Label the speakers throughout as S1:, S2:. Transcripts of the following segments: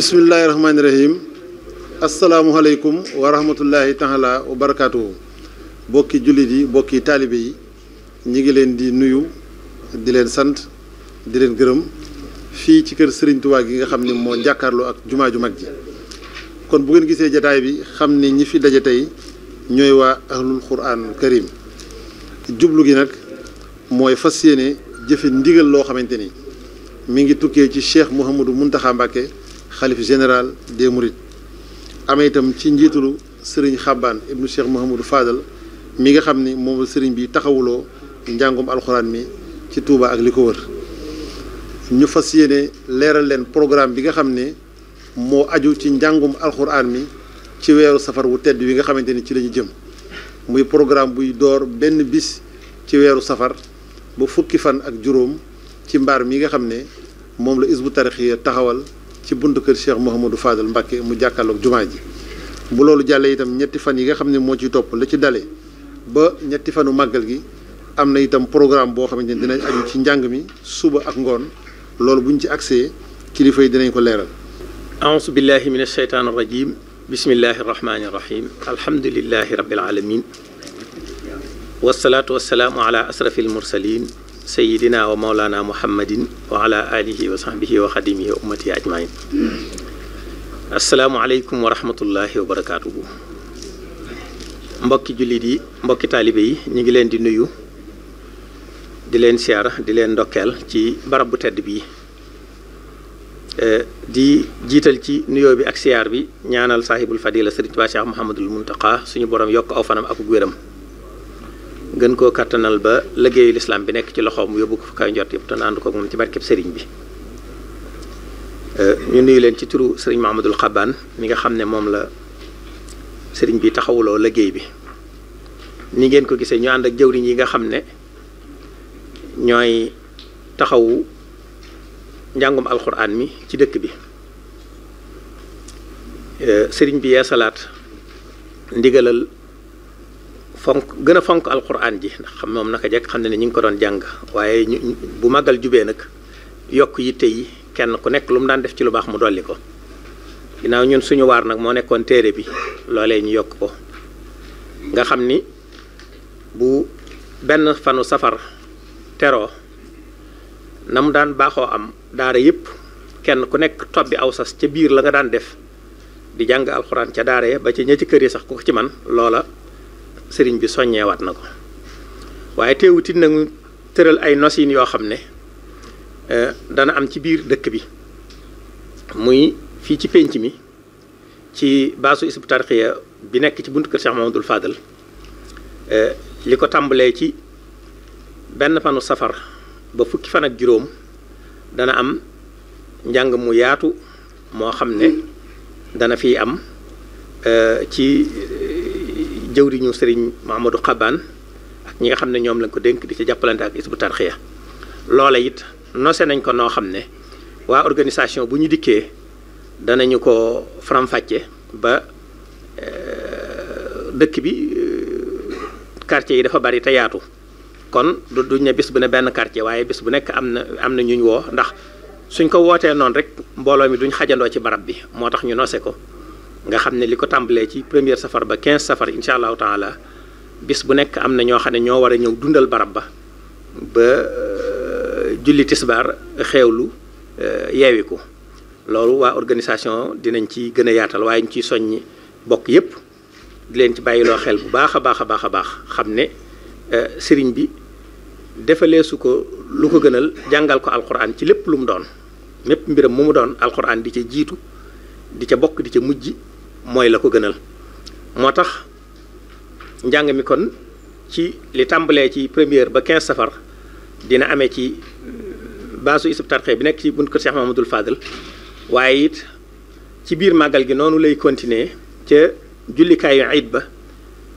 S1: bismillahi rahmaani rahim asalaamualeykum wa rahmatullahi taala wa bokki jullit yi bokki taalibe yi ñi ngi leen di nuyu di leen sant di leen gërëm fii ci kër sëriñ Touba gi nga xam ni moo jàkkaarloo ak jumaa ju mag ji kon bu ngeen gisee jataay bi xam ni ñi fi daje tey ñooy waa ahlul quran karim jublu gi nag mooy fas yéene jëfe ndigal loo xamante ni mu ngi tukkee ci cheikh Mouhamadou Mountakha Mbacké xalif général de Mourides amee itam ci njiitalu sëriñ xabbaan ibnu cheikh Mouhamadou Fadal mi nga xam ni moom sëriñ bi taxawuloo njàngum alxuraan mi ci Touba ak li ko wër ñu fas yéene leeral leen programme bi nga xam ne moo aju ci njàngum alxuraan mi ci weeru safar wu tedd wi nga xamante ni ci la ñu jëm muy programme buy door benn bis ci weeru safar ba fukki fan ak juróom ci mbaar mi nga xam ne moom la isbu tarixiya taxawal ci buntu kër Cheikh Mouhamadou Fadal Mbacke mu jàkkaarloog jumaa ji bu loolu jàllee itam ñetti fan yi nga xam ne moo ciy topp la ci dale ba ñetti fanu màggal gi am na itam programme boo xamante ne dinañ aju ci njàng mi suba ak ngoon loolu buñ ci agsee kilifa yi dinañ ko leeral
S2: aousu billahi min alsheytaan arrajim bismillahi arrahmani irrahim alhamdulilahi rabil alamin wasalaatu wasalaamu ala asrafi almursalin sayidina wa maulana muhammadin wa ala alihi wa sahbihi wa xadimihi wa ummati ajmain asalaamualeykum wa rahmatullahi wa barakaatuhu mbokki jullit yi mbokki taalibe yi ñu ngi leen di nuyu di leen siyaara di leen ndokkeel ci barab bu tedd bii eh, di jiital ci nuyoo bi ak siyaar bi ñaanal saahibul fadila sëriñ Tuubaa Cheikh Mouhamadul Muntaqa suñu borom yokk aw fanam ak wéram gën koo kàttanal ba liggéeyu lislaam bi nekk ci loxoom yóbbu ko fa kaay njort yëpp te ànd ko moom ci barkeb sëriñ bi euh, ñu nuyu leen ci turu sëriñ Mahamadul Xabaan mi nga xam ne moom la sëriñ bi taxawuloo liggéey bi ni ngeen ko gisee ñu ànd ak jëwriñ yi nga xam ne ñooy taxawu njàngum alxuraan mi ci dëkk bi euh, sëriñ bi yee salaat ndigalal fonk gën a fonk alquran ji ndax xam moom naka jekk xam ne ni ñu ngi ko doon jàng waaye ñu bu màggal jubee nag yokk yi tey kenn ku nekk lu mu daan def ci lu baax mu dolli ko ginnaaw ñun suñu waar nag moo nekkoon téere bi loolee ñu yokk ko nga xam ni bu benn fanu safar teroo na mu daan baaxoo am daara yëpp kenn ku nekk tobbi aw sas ca biir la nga daan def di jàng alxuraan ca daara ya ba ci ña kër yi sax ku ci man loola sëriñ bi soññeewaat na ko waaye teewuti nag tëral ay nosin yoo xam ne e, dana am ci biir dëkk bi muy fii ci pénc mi ci baasu isbu tarxiya bi nekk ci buntu kër Cheikh Mamadou Fadal e, li ko tàmbalee ci benn fanu safar ba fukki fan juróom dana am njàng mu yaatu moo xam ne dana fi am e, ci jëw jëwriñu sëriñ Mahamadou Xabaan ak ñi nga xam ne ñoom lañ ko dénk di ci jàppalante ak is Hizbut Tarqiyyah loola it nose nañ ko noo xam ne waa organisation bu ñu dikkee danañu ko faram-fàcce ba euh, dëkk bi euh, quartier yi dafa bari te kon du duñ ne bis bu ne benn quartier waaye bis bu nekk am na am na ñu ñu woo ndax suñ ko wootee noonu rek mbooloo mi duñ xajandoo ci barab bi moo tax ñu nose ko nga xam ne li ko tàmbalee ci première safar ba 15 safar incha allahu taala bis bu nekk am na ñoo xam ne ñoo war a ñëw dundal barab ba ba euh, julli tisbaar xeewlu euh, yeewi ko loolu waa organisation dinañ ci gën a yaatal waaye ñu ciy soññi bokk yépp di leen ci bàyyiloo xel bu baax a baax a baax a baax xam ne euh, sëriñ bi defalee su ko lu ko gënal jàngal ko alxuraan ci lépp lu mu doon mépp mbiram mu mu doon alxuraan di ca jiitu di ca bokk di ca mujj mooy la ko gënal moo tax njàng mi kon ci li tàmbalee ci première ba 15 safar dina amee ci euh, baasu isub tarxe bi nekk ci bunt kër Cheikh dul Fadel waaye it ci biir màggal gi noonu lay continuer ca jullikaayu ayit ba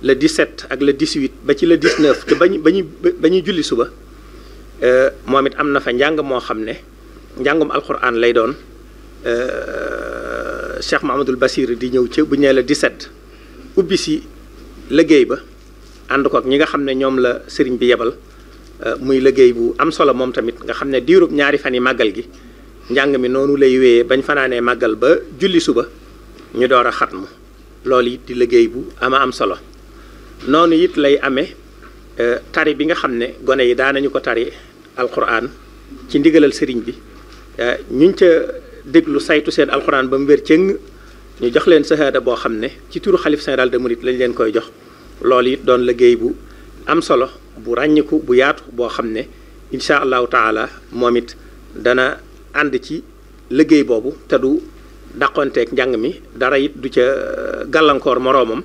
S2: le 17 ak le 18 ba ci le 19 te ba ñu ba ñu ba ñuy julli suba euh, moom it am na fa njàng moo xam ne njàngum alxuraan lay doon. Euh, Cheikh Mahamadul Bachir di ñëw ca bu ñee la di 17 ubbi si liggéey ba ànd ko ak ñi nga xam ne ñoom la sëriñ bi yebal euh, muy liggéey bu am solo moom tamit nga xam ne diirub ñaari fan yi màggal gi njàng mi noonu lay wéyee bañ fanaanee màggal ba julli suba ñu door a xat ma loolu it di liggéey bu ama am solo noonu it lay amee euh, tari bi nga xam ne gone yi daanañu ko tari alquran ci ndigalal sëriñ bi euh, ñuñ ca déglu saytu seen alxuraan ba mu wér cëng ñu jox leen sahaada boo xam ne ci turu xalif général de Mouride lañ leen koy jox loolu it doon léggéey bu am solo bu ràññiku bu yaatu boo xam ne incha allahu taala moom it dana ànd ci liggéey boobu te du dàqonteeg njàng mi dara it du ca euh, gàllankoor moromam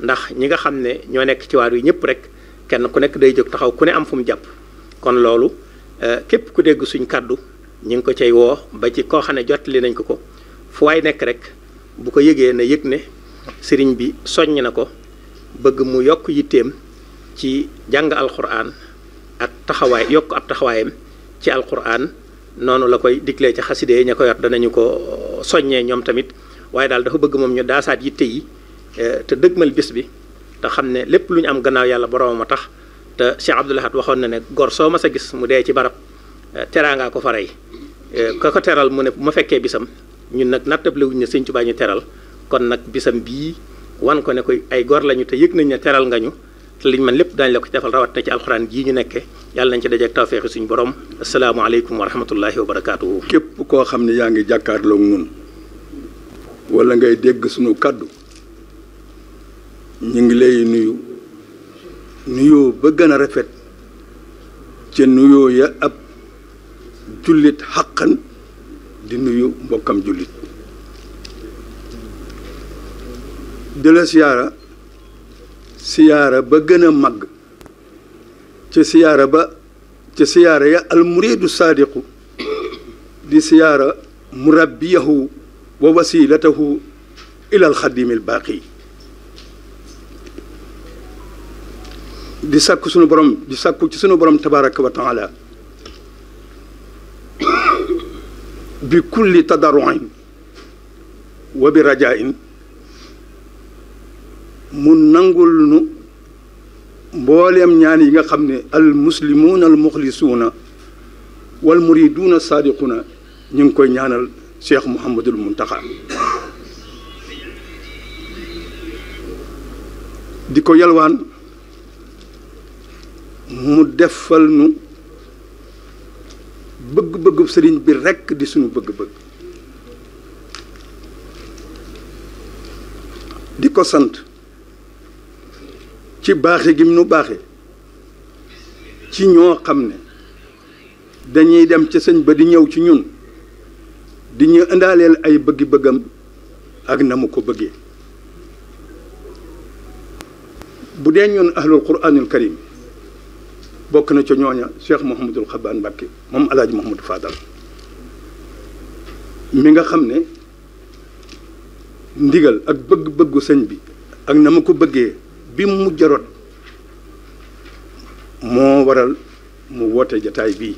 S2: ndax ñi nga xam ne ñoo nekk ci waar yi ñëpp rek kenn ku nekk day jóg taxaw ku ne am fu mu jàpp kon loolu euh, képp ku dégg suñ kàddu ñu ngi ko cey woo ba ci koo xam ne jottali nañ ko ko fu waay nekk rek bu ko yëgee na yëg ne sëriñ bi soññ na ko bëgg mu yokk yitteem ci jàng alxuraan ak taxawaay yokk ab taxawaayam ci alxuraan noonu la koy diglee ci xaside yi ña ko yor danañu ko soññee ñoom tamit waaye daal dafa bëgg moom ñu daasaat yitte yi eh, te dëgmal bis bi te xam ne lépp lu ñu am gannaaw yàlla boroomam a tax te Cheikh Abdoul Ahad waxoon na ne gor soo mas a gis mu dee ci barab Eh, teraangaa ko fa rey eh, ka ko teral mu ne ma fekkee bisam ñun nag nattable wuñ ne sëñ baa ñu teral kon nag bisam bii wan ko ne ko ay gor lañu te yëg nañ ne teral nga ñu te liñ man lépp daañu la ko ci defal rawat na ci alxuraan jii ñu nekke yàlla nañ ci dajeek tawféexi suñu borom asalaamaaleykum wa rahmatullahi wa barakaatu.
S3: képp koo xam ne yaa ngi jàkkaarloog ñun wala ngay dégg suñu kàddu ñu ngi lay nuyu nuyoo ba gën a rafet ca nuyoo ya ab jullit xaqan di nuyu mbokkam jullit di la siyaara siyaara ba gën a màgg ca siyaara ba ca siyaara ya almuridu saadiqu di siyaara murabbiyahu wa wasilatahu ila alxadimi albaaqi di sàkku sunu borom di sàkku ci sunu borom tabaraka wa taala bi kulli tadarruin wa bi rajain mu nangul nu mboolem ñaan yi nga xam ne al muslimuuna al muxlisuuna wal muriduuna saadiquuna ñu ngi koy ñaanal cheikh mouhamadul muntaxa di ko yalwaan mu defal nu bëgg-bëggu sëriñ bi rekk di suñu bëgg-bëgg di ko sant ci baaxe gi nu baaxe ci ñoo xam ne dañuy dem ca sëñ ba di ñëw ci ñun di ñu indaaleel ay bëggi-bëggam ak na mu ko bëgge bu dee ñoon ahlul quraanul karim bokk na ca ñooña Cheikh Mouhamadul Xabaan Mbàkke moom El Hadj Mouhamadou Fadal mi nga xam ne ndigal ak bëgg-bëggu sëñ bi ak na ma ko bëggee bi mu mujj a rot moo waral mu woote jataay bii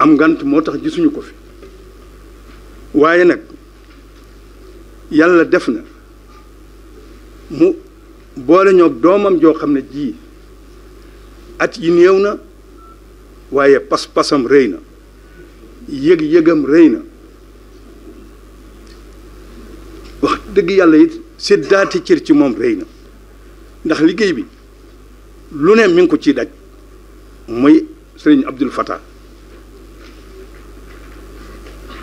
S3: am ngant moo tax gisuñu ko fi waaye nag yàlla def na mu. boole ñoog doomam joo xam ne jii at yi néew na waaye pas-pasam réy na yëg-yëgam rëy na wax dëgg yàlla it seddaati cër ci moom rëy na ndax liggéey bi lu ne mi ngi ko ciy daj mooy sëriñ Abdul Fattah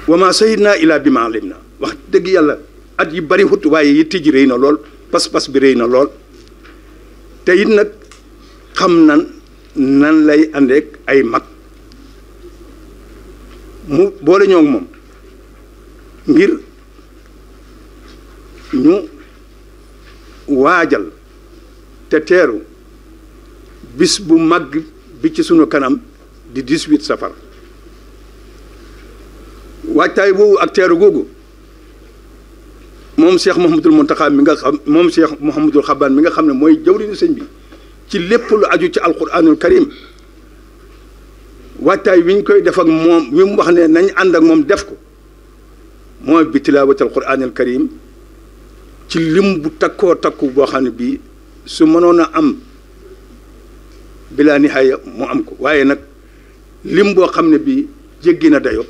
S3: wa ma sayidnaa ilaa bi maalim na wax dëgg yàlla at yi bari xut waaye yitti ji rëy na lool pas-pas bi rëy na lool te it nag xam nan nan lay àndeek ay mag mu boole ñoo moom ngir ñu waajal te teeru bis bu mag bi ci sunu kanam di 18 safar waajtaay boobu ak teeru googu moom Cheikh Mouhamadul Mountakha mi nga xam moom Cheikh Mouhamadul Xabaan mi nga xam ne mooy jawriñu sañ bi ci lépp lu aju ci alquranul karim waajtaay wi ñu koy def ak moom mi mu wax ne nañ ànd ak moom def ko mooy bi tilaawati alquranul karim ci lim bu takkoo takku boo xam ne bii su mënoon a am bilaa nihaaya mu am ko waaye nag lim boo xam ne bii jéggi na dayo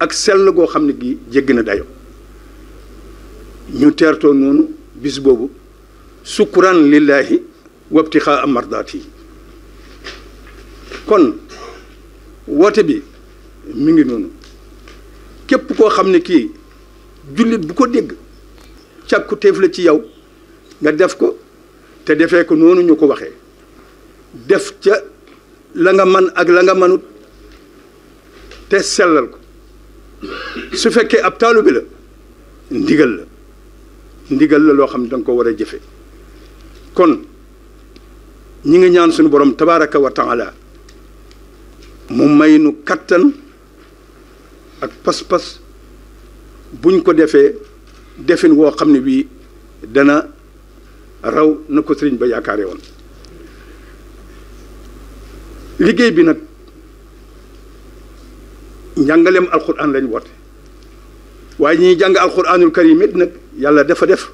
S3: ak sell goo xam ne gii jéggi na dayo ñu teertoo noonu bis boobu su sukkuraan lillaahi wabtixaa mardaat yi kon woote bi mu ngi noonu képp koo xam ne kii jullit bu ko dégg càkku téef la ci yow nga def ko te defee ko noonu ñu ko waxee def ca la nga man ak la nga manut te sellal ko su fekkee ab taalu bi la ndigal la ndigal la loo xam ne da nga ko war a jëfe kon ñi ngi ñaan suñu borom tabaraka wa taala mu may nu kattan ak pas-pas buñ ko defee defin woo xam ne bii dana raw na ko sëriñ ba yaakaare woon liggéey bi nag njàngaleem alxuraan lañ woote waaye ñuy jàng alquranul karim it nag yàlla dafa def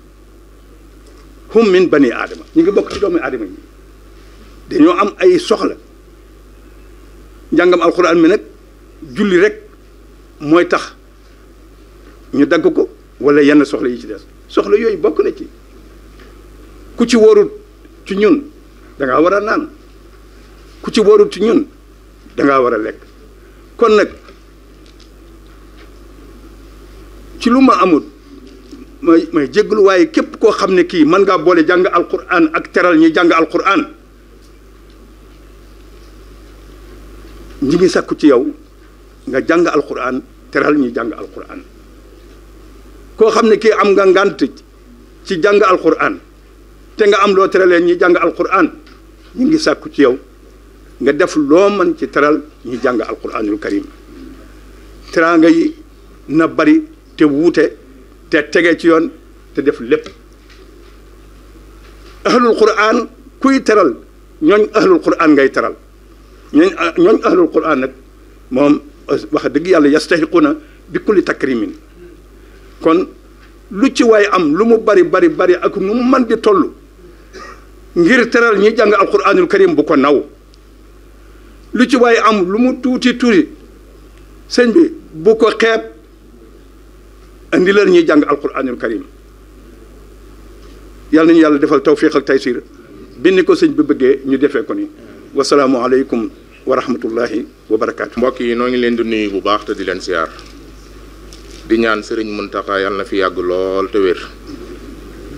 S3: hum min bani aadama ñu ngi bokk ci doomu aadama yi dañoo am ay soxla njàngam alquran mi nag julli rek mooy tax ñu dagg ko wala yenn soxla yi ci des soxla yooyu bokk na ci ku ci wóorut ci ñun danga ngaa war a naan ku ci wóorut ci ñun danga ngaa war a lekk kon nag ci lu ma amul may may jégalu waaye képp koo xam ne kii mën ngaa boole jàng al alquran ak teral ñi jàng alquran ñi ngi ci yow nga jàng alquran teral ñi jàng alquran koo xam ne ki am nga ngànt ci jàng alquran te nga am loo terale ñi jàng alquran ñi ngi sakku ci yow nga def loo mën ci teral ñi jàng alquranul karim teraanga yi na bari te wuute te tege ci yoon te def lépp ahlul quran kuy teral ñooñ ahlul quran ngay teral ñooñ ñooñ ahlul quran nag moom wax dëgg yàlla na bi kulli takrimin kon lu ci waay am lu mu bari bari bari ak nu mu mën di toll ngir teral ñi jàng alquranul karim bu ko naw lu ci waay am lu mu tuuti tuuti sëñ bu ko xeeb indi leen ñuy jàng al alquranul karim yàlla nañu yàlla defal tawfiq ak taysir bind ko sëñ bi bëggee ñu defee ko ni wasalaamualeykum wa rahmatullahi
S4: wa barakaatu. mbokk yi noo ngi leen di nuyu bu baax te di leen siyaar di ñaan sëriñ Mountakha yàlla na fi yàgg lool te wér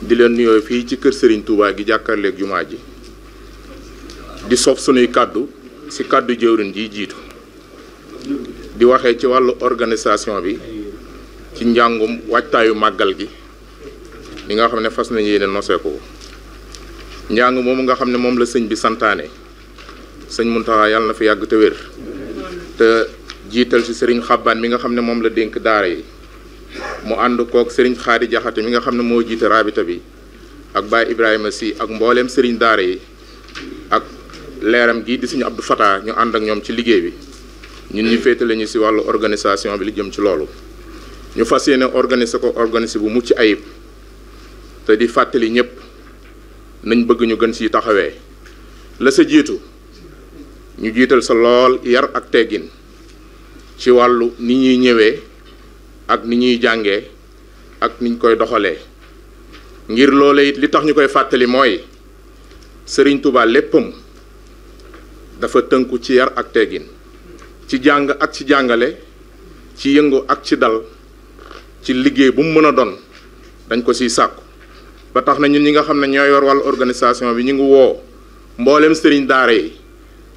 S4: di leen nuyoo fii ci kër sëriñ Touba gi jàkkaarleeg jumaa ji di sof sunuy kàddu si kàddu jëwrin ji jiitu di waxee ci wàllu organisation bi. ci njàngum waajtaayu màggal gi li nga xam ne fas nañu yéene nosee ko njàng moomu nga xam ne moom la sëñ bi santaane sëñ Muntaxa yàlla na fi yàgg te wér te jiital ci sëriñ xabbaan mi nga xam ne moom la dénk daara yi mu ànd kook sëriñ xaadi jaxate mi nga xam ne moo jiite raabita bi ak Baye Ibrahima si ak mbooleem sëriñ daara yi ak leeram gii di sëñ Abdou Fata ñu ànd ak ñoom ci liggéey bi ñun ñu féetale ñu si wàllu organisation bi li jëm ci loolu ñu fas yéene organiser ko organiser bu mucc ayib te di fàttali ñëpp nañ bëgg ñu gën ci taxawee la sa jiitu ñu jiital sa lool yar ak teggin ci wàllu ni ñuy ñëwee ak ni ñuy jàngee ak ni ñu koy doxalee ngir loolee it li tax ñu koy fàttali mooy Sëriñ Tuubaa léppam dafa tënku ci yar ak teggin ci jàng ak ci jàngale ci yëngu ak ci dal ci liggéey bu mu mën a doon dañ ko siy sàkku ba tax na ñun ñi nga xam ne ñoo yor wàllu organisation bi ñu ngi woo mbooleem sëriñ daara yi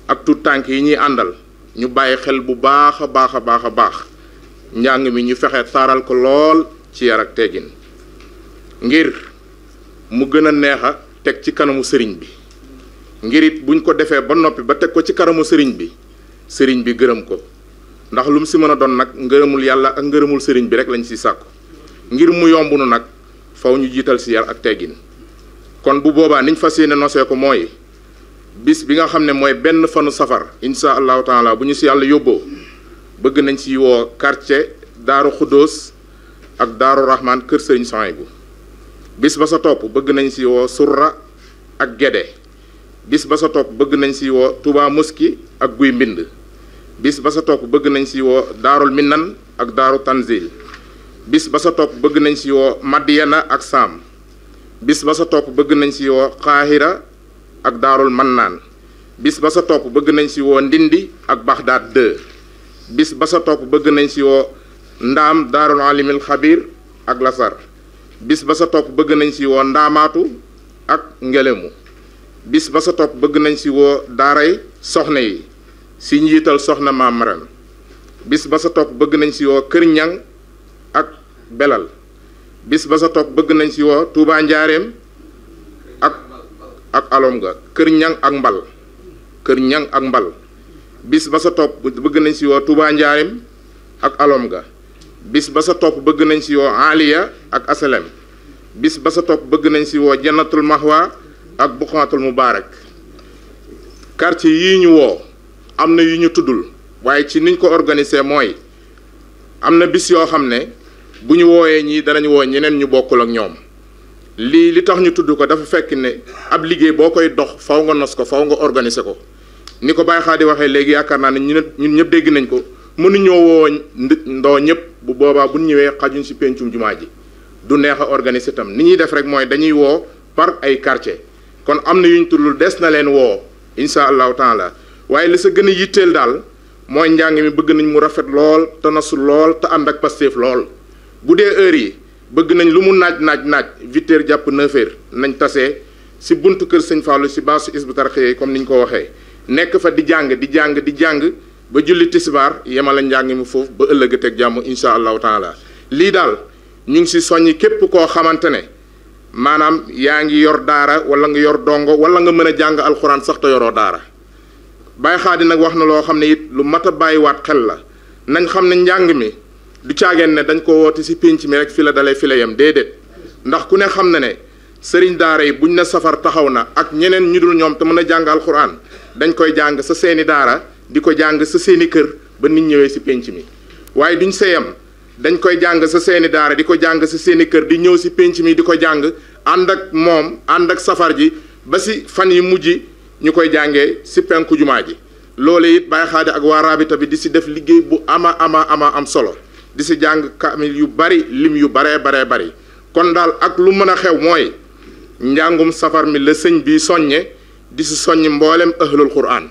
S4: ak tout tànk yi ñuy àndal ñu bàyyi xel bu baax a baax a baax a baax njàng mi ñu fexe taaral ko lool ci yar ak teggin ngir mu gën a neex a teg ci kanamu sëriñ bi ngir it buñ ko defee ba noppi ba teg ko ci kanamu sëriñ bi sëriñ bi gërëm ko ndax lu mu si mën a doon nag ngërëmul yàlla ak ngërëmul sëriñ bi rek lañu si sàkku ngir mu yomb nu nag faw ñu jiital si yar ak teggin kon bu boobaa niñ fas ne nosee ko mooy bis bi nga xam ne mooy benn fanu safar insha allahu taala bu ñu si yàlla yóbboo bëgg nañ si woo karce daaru xuddoos ak daaru raxmaan kër sëriñ soy bu bis ba sa topp bëgg nañ si woo surra ak gede bis ba sa topp bëgg nañ si woo Touba Mosquée ak guy mbind bis ba sa topp bëgg nañ si woo daarul minnan ak daaru tanzil bis ba sa topp bëgg nañ si woo madiyana ak saam bis ba sa topp bëgg nañ si woo xaahira ak daarul mannaan bis ba sa topp bëgg nañ si woo ndindi ak baxdaad 2 bis ba sa topp bëgg nañ si woo ndaam daarul alimil xabir ak lasar bis ba sa topp bëgg nañ si woo ndaamaatu ak ngelemu bis ba sa topp bëgg nañ si woo daaray soxna yi si njiital soxna maam bis ba sa topp bëgg nañ ci woo Kër Ñang ak Belal bis ba bëgg nañ si woo Touba Njaareem ak ga Kër ak Mbal Kër Ñang ak Mbal bis ba sa topp bëgg nañ si woo Touba Njaareem ak alom ga bis ba sa topp bëgg nañ si woo Aliya ak Asalem bis ba sa bëgg nañ si woo Jannatul Mahwa ak Buxaatul Mubaarak quartier yii ñu woo am na yu ñu tuddul waaye ci niñ ko organiser mooy am na bis yoo xam ne bu ñu wooyee ñii danañu woo ñeneen ñu bokkul ak ñoom lii li tax ñu tudd ko dafa fekk ne ab liggéey boo koy dox faw nga nos ko faw nga organiser ko ni ko Baye di waxee léegi yaakaar naa ne ñun ñun ñëpp dégg nañ ko mënuñoo woo ndoo ñëpp bu boobaa bu ñëwee xajuñ ci pencum jumaa ji du neex a organiser tam ni ñuy def rek mooy dañuy woo par ay quartier kon am na yuñ tuddul des na leen woo incha allahu taala waaye li sa gën a yitteel daal mooy njàng mi bëgg nañ mu rafet lool te nasu lool te ànd ak pasteef lool bu dee heure yi bëgg nañ lu mu naaj naaj naaj huit jàpp neuf heures nañ tase si buntu kër sëñ Fallou si baasu Hizbut Tarqiyyah comme ni ko waxee nekk fa di jàng di jàng di jàng ba julli tisbaar yemale njàng mi foofu ba ëllëg a teg jàmm incha allahu taala lii daal ñu ngi si soññi képp koo xamante ne maanaam yaa ngi yor daara wala nga yor dongo wala nga mën a jàng alxuraan sax te daara. Baye Xaadi nag wax na loo xam ne it lu mat a bàyyi waat xel la nañ xam ne njàng mi du caageen ne dañ ko woote si pénc mi rek fi la dalee fi la yem déedéet ndax ku ne xam na ne sëriñ daara yi bu buñ ne safar taxaw na ak ñeneen ñu dul ñoom te mën a jàng alxuraan dañ koy jàng sa seeni daara di ko jàng sa seeni kër ba nit ñëwee si pénc mi waaye duñ seyam dañ koy jàng sa seeni daara di ko jàng sa seeni kër di ñëw si pénc mi di ko jàng ànd ak moom ànd ak safar ji ba si fan yi mujj ñu koy jàngee si penku jumaa ji loole it bàyyi xaade ak waa raabita bi di si def liggéey bu ama ama ama am solo di si jàng kaamil yu bari lim yu baree baree bari kon daal ak lu mën a xew mooy njàngum safar mi la sëñ bi soññe di si soññ mboolem ahlul quran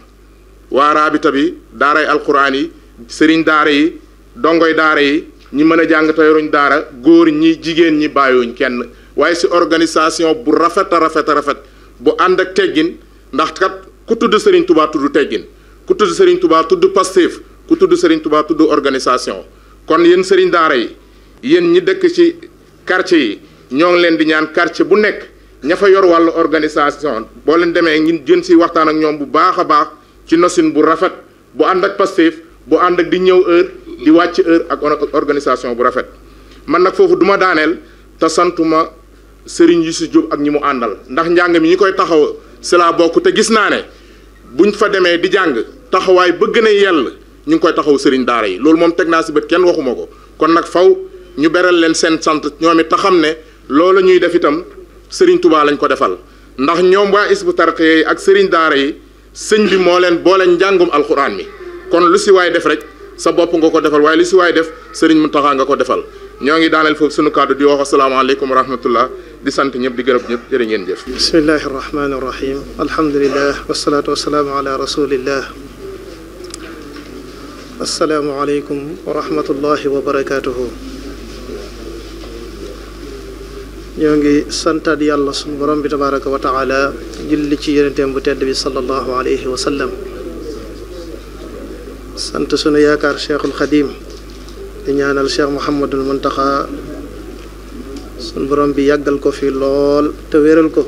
S4: waa raabita bi daaray alquran yi sëriñ daara yi dongoy daara yi ñi mën a jàng teyruñ daara góor ñi jigéen ñi bàyyiwuñ kenn waaye si organisation bu rafet a rafet bu ànd ak teggin ndax kat ku tudd Serigne Touba tudd teggin ku tudd Serigne Touba tudd Pastef ku tudd Serigne Touba tudd organisation kon yéen Serigne daara yi yéen ñi dëkk ci quartier yi ñoo ngi leen di ñaan quartier bu nekk ña fa yor wàllu organisation boo leen demee ngeen jën si waxtaan ak ñoom bu baax a baax ci nosin bu rafet bu ànd ak Pastef bu ànd ak di ñëw heure di wàcc heure ak organisation bu rafet man nag foofu duma daaneel te santuma Serigne Youssou Diop ak ñi mu àndal ndax njàng mi ñi koy taxaw cela bokk te gis naa ne bu ñu fa demee di jàng taxawaay bëgg na a yell ñu ngi koy taxaw sëriñ daara yi loolu moom teg naa si bët kenn waxuma ko kon nag faw ñu beral leen seen sant ñoom it te xam ne loolu ñuy def itam sëriñ Touba lañ ko defal ndax ñoom waa bu Tarqiyyah yi ak sëriñ daara yi sëñ bi moo leen boole njàngum alxuraan mi kon lu si waay def rek sa bopp nga ko defal waaye lu si waay def sëriñ taxaa nga ko defal ñoo ngi daaneel foofu sunu kàddu di wax asalaamaaleykum wa di sant ñëpp di gërëm ñëpp jërë ngeen jëf
S5: bismillahi arrahmani arrahim alhamdulilah wasalaatu wasalaamu ala rasulillah asalaamualeykum wa rahmatullahi wa ngi santaat yàlla sunu borom bi tabaraka wa taala ci yonenteem bu tedd bi sallallahu alayhi wa sallam sant sunu yaakaar cheikhul xadim di ñaanal cheikh muhammadul muntaxa sun borom bi yàggal ko fi lool te wéral ko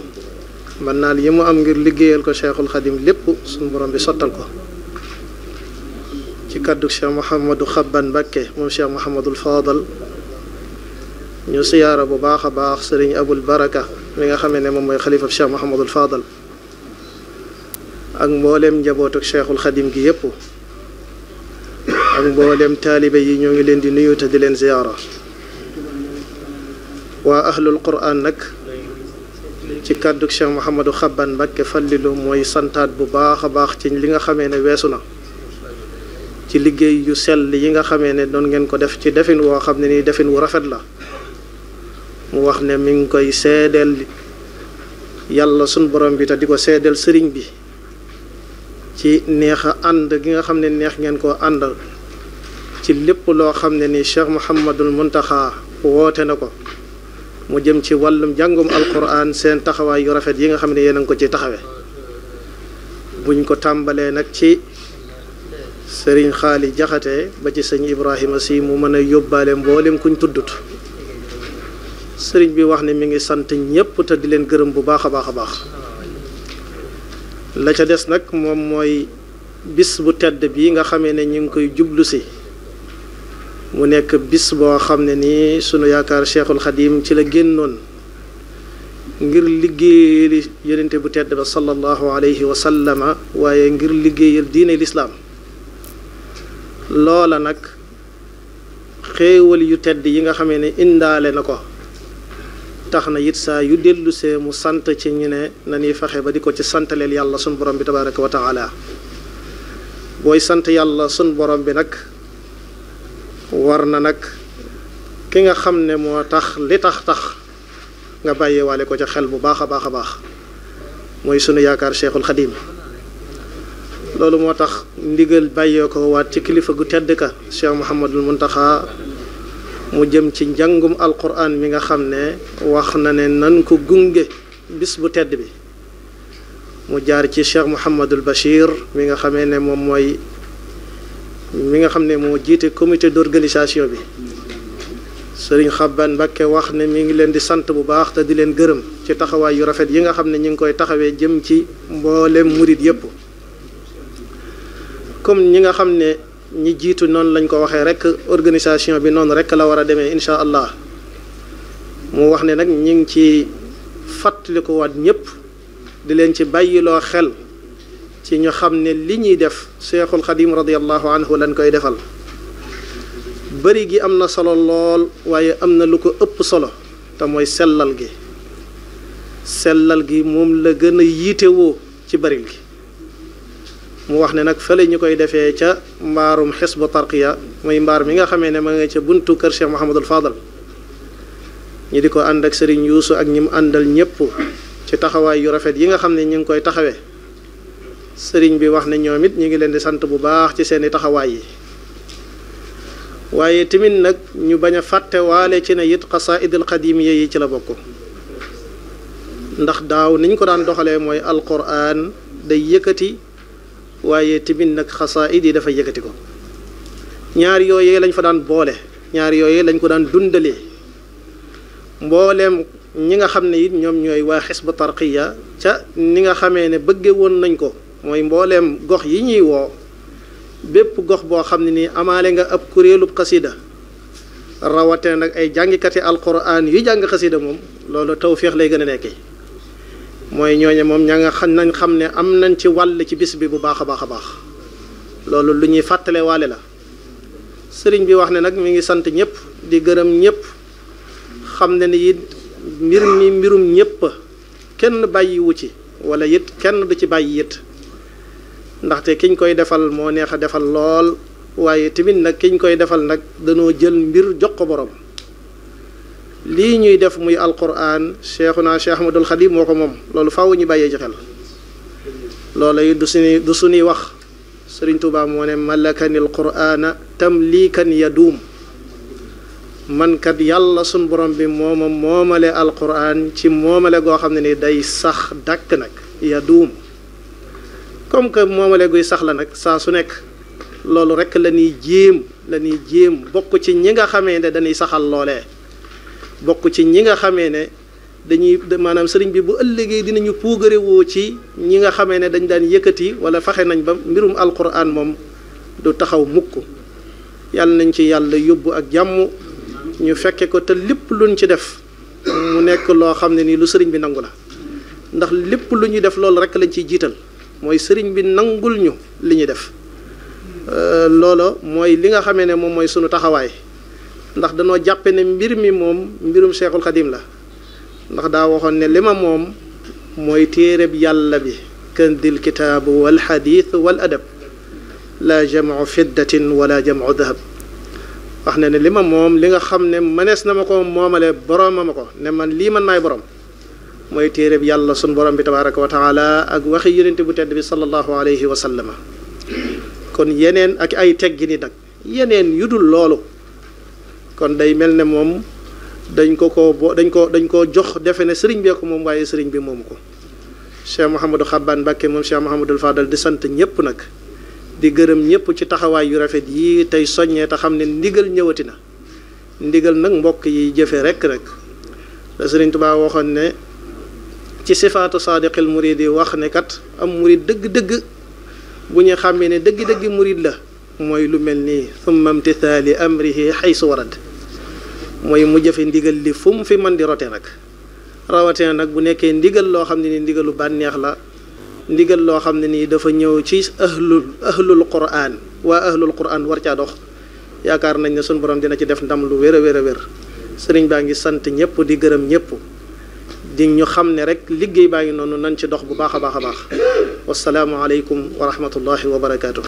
S5: ba naal yi mu am ngir liggéeyal ko cheikhul xadim lépp sun borom bi sottal ko ci kàddu cheikh mouhamadou xabban Mbakke moom cheikh mouhamadul fadal ñu siyaara bu baax a baax sëriñ abul baraka mi nga xamee ne moom mooy xalifab cheikh mouhamadul fadal ak mboolem njabootu cheikhul xadim gi yépp ak mbooleem taalibe yi ñoo ngi leen di nuyu te di leen ziyaara waa ahlul quran nag ci kàddu Cheikh Mouhamadou xaban Mbacké Fallilu mooy santaat bu baax a baax ci li nga xamee ne weesu na ci liggéey yu sell yi nga xamee ne doon ngeen ko def ci defin woo xam ne nii defin wu rafet la mu wax ne mi ngi koy seedeel yàlla sunu borom bi te di ko seddal sëriñ bi ci neex ànd gi nga xam ne neex ngeen koo ànd ci lépp loo xam ne nii Cheikh Mouhamadul Muntaxa woote na ko mu jëm ci wàllum jàngum alquran seen taxawaay yu rafet yi nga xam ne yéen a ko ci taxawee buñ ko tàmbalee nag ci sëriñ xaali jaxate ba ci sëñ ibrahima si mu mën a yóbbaale mboolem kuñ tuddut sëriñ bi wax ne mi ngi sant ñëpp te di leen gërëm bu baax a baax a baax la ca des nag moom mooy bis bu tedd bi nga xamee ne ñu ngi koy jublu si mu nekk bis boo xam ne ni sunu yaakaar cheikhul xadim ci la génnoon ngir liggéeyal yonente bu tedd ba sallallahu alayhi wa sallama waaye ngir liggéeyal diine lislaam loola nag xéewal yu tedd yi nga xamee ne indaale na ko tax na yit saa yu dellusee mu sant ci ñu ne nañuy fexe ba di ko ci santaleel yàlla sunu borom bi tabaraka wa taala booy sant yàlla sunu borom bi nag war na nag ki nga xam ne moo tax li tax tax nga bàyyiwaale ko ca xel bu baax a baax a baax mooy sunu yaakaar Cheikhul Xadim loolu moo tax ndigal bàyyee ko waat ci kilifa gu tedd ka Cheikh Mouhamadul Muntaxa mu jëm ci njàngum alquran mi nga xam ne wax na ne nan ko gunge bis bu tedd bi mu jaar ci Cheikh Mouhamadul Bachir mi nga xamee ne moom mooy mi nga xam ne moo jiite comité d'organisation bi sëriñ Xabban Mbakke wax ne mi ngi leen di sant bu baax te di leen gërëm ci taxawaay yu rafet yi nga xam ne ñu ngi koy taxawee jëm ci mboolem murit yépp comme ñi nga xam ne ñi jiitu noonu lañ ko waxee rek organisation bi noonu rek la war a demee incha allah mu wax ne nag ñu ngi ci fàttalikuwaat ñëpp di leen ci bàyyiloo xel ci ñu xam ne li ñuy def Seexul Xadim radiallahu anhu lañ koy defal bari gi am na solo lool waaye am na lu ko ëpp solo te mooy sellal gi sellal gi moom la gën a yiitewoo ci bari gi mu wax ne nag fële ñu koy defee ca mbaarum xes xisbu tarqiya muy mbaar mi nga xamee ne ma nga ca buntu kër Cheikh Mouhamadul Fadal ñi di ko ànd ak Serigne Youssou ak ñi mu àndal ñëpp ci taxawaay yu rafet yi nga xam ne ñu ngi koy taxawee sëriñ bi wax ne ñoom it ñu ngi leen di sant bu baax ci seeni taxawaay yi waaye tamit nag ñu bañ a fàtte waale ci ne it xasaidul xadim yi ci la bokk ndax daaw niñ ko daan doxalee mooy alquran day yëkkati waaye tamit nag xasaid yi dafa yëkkati ko ñaar yooyee lañ fa daan boole ñaar yooyee lañ ko daan dundalee mbooleem ñi nga xam ne it ñoom ñooy waa xisbu tarqiya ca ni nga xamee ne bëgge woon nañ ko mooy mbooleem gox yi ñuy woo bépp gox boo xam ne ni amaale nga ab kuréelub xasida rawatina nag ay jàngikati alquran yu jàng xasida moom loolu tawféex lay gën a nekke mooy ñooñe moom ña nga xam nañ xam ne am nañ ci wàll ci bis bi bu baax a baax a baax loolu lu ñuy fàttale waale la sëriñ bi wax ne nag mu ngi sant ñëpp di gërëm ñëpp xam ne ni it mbir mi mbirum ñëpp kenn bàyyiwu ci wala it kenn du ci bàyyi it ndaxte kiñ koy defal moo neex a defal lool waaye tamit nag kiñ koy defal nag danoo jël mbir jox ko boroom lii ñuy def muy alquran cheikhuna cheikh ahmadul xadim moo ko moom loolu faaw ñu bàyyee ci xel loola yi du suñuy du suñuy wax sëriñ Tuubaa moo ne malakanil qurana tamlikan yaduum man mankat yàlla sun borom bi mooma moomale alquran ci moomale goo xam ne ni day sax dàkk nag yaduum comme que moomale guy sax la nag saa su nekk loolu rek la jéem la ñuy jéem bokk ci ñi nga xamee ne dañuy saxal loole bokk ci ñi nga xamee ne dañuy maanaam sëriñ bi bu ëllëgee dinañu puugarewoo ci ñi nga xamee ne dañ daan yëkkati wala faxe nañ ba mbirum alquran moom du taxaw mukk yàlla nañ ci yàlla yóbbu ak jàmm ñu fekke ko te lépp luñ ci def mu nekk loo xam ne nii lu sëriñ bi nangu la ndax lépp lu ñuy def loolu rek lañ ciy jiital mooy sëriñ bi nangul ñu li ñuy def euh, loola mooy li nga xamee ne moom mooy sunu taxawaay ndax danoo jàppe ne mbir mi moom mbirum Cheikhul Khadim la ndax daa waxoon ne li ma moom mooy téereb yàlla bi këndil kitaabu wal xadiis wal adab la jamcu fiddatin wala jamcu dahab wax ne ne li ma moom li nga xam ne mënees na ma ko moomale boroom ma ko ne man lii man maay borom mooy téereb yàlla sun borom bi tabaraka wa taala ak waxi yonente bu tedd bi sallallahu alayhi wa sallama kon yeneen ak ay teggi teggini nag yeneen yu dul loolu kon day mel ne moom dañ ko ko bo dañ ko dañ koo jox defe ne sëriñ bee ko moom waaye sëriñ bi moomu ko Cheikh Mouhamadou Xabbaan Mbàkke moom Cheikh Mouhamadul Fadal di sant ñëpp nag di gërëm ñëpp ci taxawaay yu rafet yi tey soññee te xam ne ndigal ñëwati na ndigal nag mbokk yi jëfe rek rek la ci sifaatu saadiqil murid yi wax ne kat am murid dëgg-dëgg bu ñu xàmmee ne dëgg-dëgg murid la mooy lu mel nii thumma imtithaali amrihi xaysu warad mooy mu jëfe ndigal li fu mu fi man di rote nag rawatina nag bu nekkee ndigal loo xam ne ni ndigalu bànneex la ndigal loo xam ne nii dafa ñëw ci ahlul ahlul quraan waa ahlul quraan war caa dox yaakaar nañ ne sunu borom dina ci def ndam lu wér a wér a wér sëriñ baa ngi sant ñëpp di gërëm ñëpp di ñu xam ne rek liggéey baa ngi noonu nan ci dox bu baax a baax a baax wasalaamualeykum wa rahmatullahi wa barakaatu.